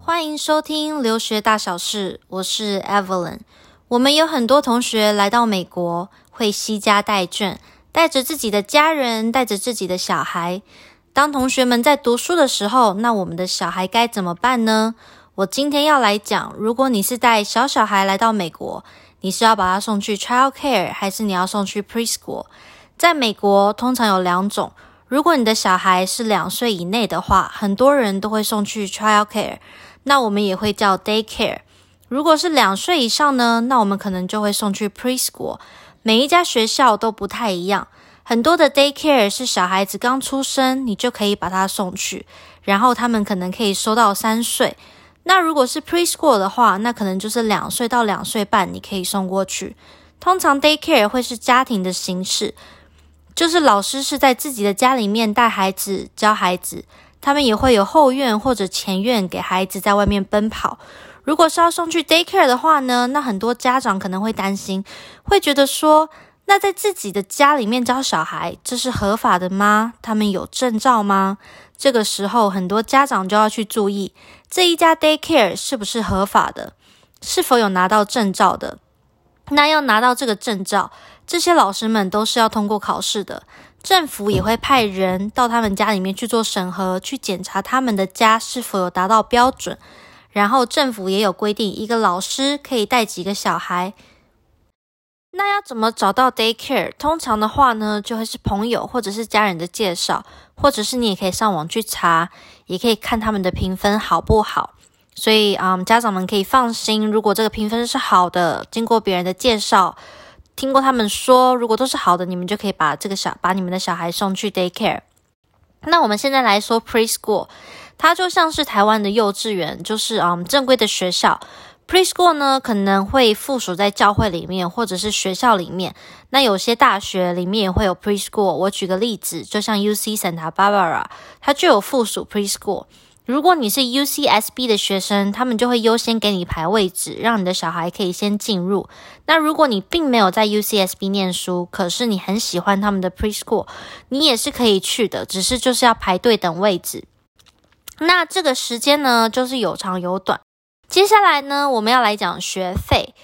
歡迎收聽《留學大小事》，我是 Evelyn。我們有很多同學來到美國會攜家帶眷，帶着自己的家人，帶着自己的小孩。當同學們在讀書的時候，那我們的小孩該怎麼辦呢？我今天要來講，如果你是帶小小孩來到美國，你是要把他送去 childcare，還是你要送去 preschool？在美國通常有兩種。如果你的小孩是兩歲以內的話，很多人都會送去 childcare，那我們也會叫 daycare。如果是兩歲以上呢，那我們可能就會送去 preschool。每一家學校都不太一樣。很多的 daycare 是小孩子剛出生，你就可以把他送去，然後他們可能可以收到三歲。那如果是 preschool 的話，那可能就是兩歲到兩歲半，你可以送過去。通常 daycare 會是家庭的形式，就是老師是在自己的家裡面帶孩子教孩子，他們也會有後院或者前院給孩子在外面奔跑。如果是要送去 daycare 的話呢，那很多家長可能會擔心，會覺得說，那在自己的家裡面教小孩，這是合法的嗎？他們有證照嗎？這個時候，很多家長就要去注意這一家 daycare 是不是合法的，是否有拿到證照的。那要拿到這個證照，這些老師們都是要通過考試的。政府也會派人到他們家裡面去做審核，去檢查他們的家是否有達到標準。然後政府也有規定，一個老師可以帶幾個小孩。那要怎麼找到 daycare？通常的話呢，就會是朋友或者是家人的介紹，或者是你也可以上網去查，也可以看他們的評分好不好。所以啊、嗯，家長們可以放心，如果這個評分是好的，經過別人的介紹，聽過他們說，如果都是好的，你們就可以把這個小把你們的小孩送去 daycare。那我們現在來說 preschool，它就像是台灣的幼稚園，就是啊、嗯，正規的學校。preschool 呢，可能會附屬在教會裡面，或者是學校裡面。那有些大學裡面也會有 preschool。我舉個例子，就像 UC Santa Barbara，它就有附屬 preschool。如果你是 UCSB 的學生，他們就會優先給你排位置，讓你的小孩可以先進入。那如果你並沒有在 UCSB 念書，可是你很喜歡他們的 preschool，你也是可以去的，只是就是要排隊等位置。那這個時間呢，就是有長有短。接下來呢，我們要來講學費。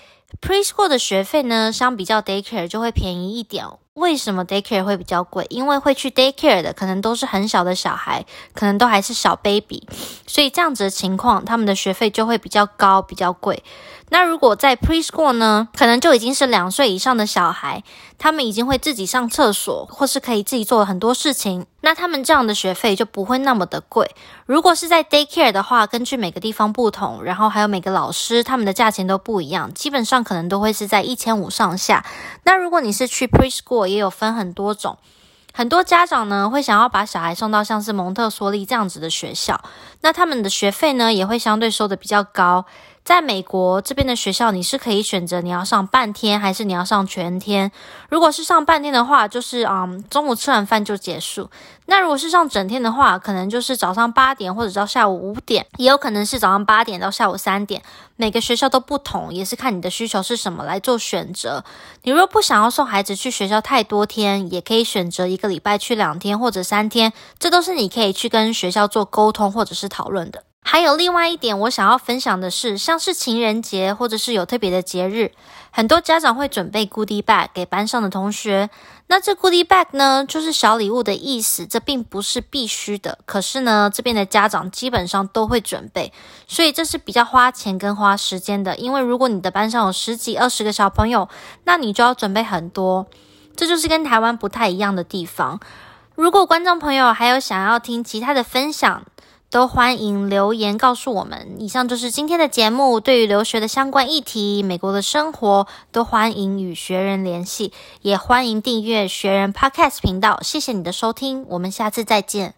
Preschool 的學費呢，相比較 Daycare 就會便宜一點。為什麼 Daycare 會比較貴？因為會去 Daycare 的可能都是很小的小孩，可能都還是小 baby。所以這樣子的情況，他們的學費就會比較高，比較貴。那如果在 preschool 呢，可能就已經是兩歲以上的小孩，他們已經會自己上廁所，或是可以自己做很多事情。那他們這樣的學費就不會那麼的貴。如果是在 daycare 的話，根據每個地方不同，然後還有每個老師他們的價錢都不一樣，基本上可能都會是在一千五上下。那如果你是去 preschool，也有分很多種，很多家長呢會想要把小孩送到像是蒙特梭利這樣子的學校，那他們的學費呢也會相對收的比較高。在美國這邊的學校，你是可以選擇你要上半天還是你要上全天。如果是上半天的話，就是嗯，中午吃完飯就結束。那如果是上整天的話，可能就是早上八點或者到下午五點，也有可能是早上八點到下午三點。每個學校都不同，也是看你的需求是什麼來做選擇。你若不想要送孩子去學校太多天，也可以選擇一個禮拜去兩天或者三天，這都是你可以去跟學校做溝通或者是討論的。還有另外一點，我想要分享的是，像是情人節或者是有特別的節日，很多家長會準備 Goodie Bag 給班上的同學。那這 Goodie Bag 呢，就是小禮物的意思。這並不是必須的，可是呢，這邊的家長基本上都會準備，所以這是比較花錢跟花時間的。因為如果你的班上有十幾、二十個小朋友，那你就要準備很多。這就是跟台灣不太一樣的地方。如果觀眾朋友還有想要聽其他的分享，都歡迎留言告訴我們。以上就是今天的節目，對於留學的相關議題、美國的生活，都歡迎與學人聯繫，也歡迎訂閱學人 Podcast 頻道。謝謝你的收聽，我們下次再見。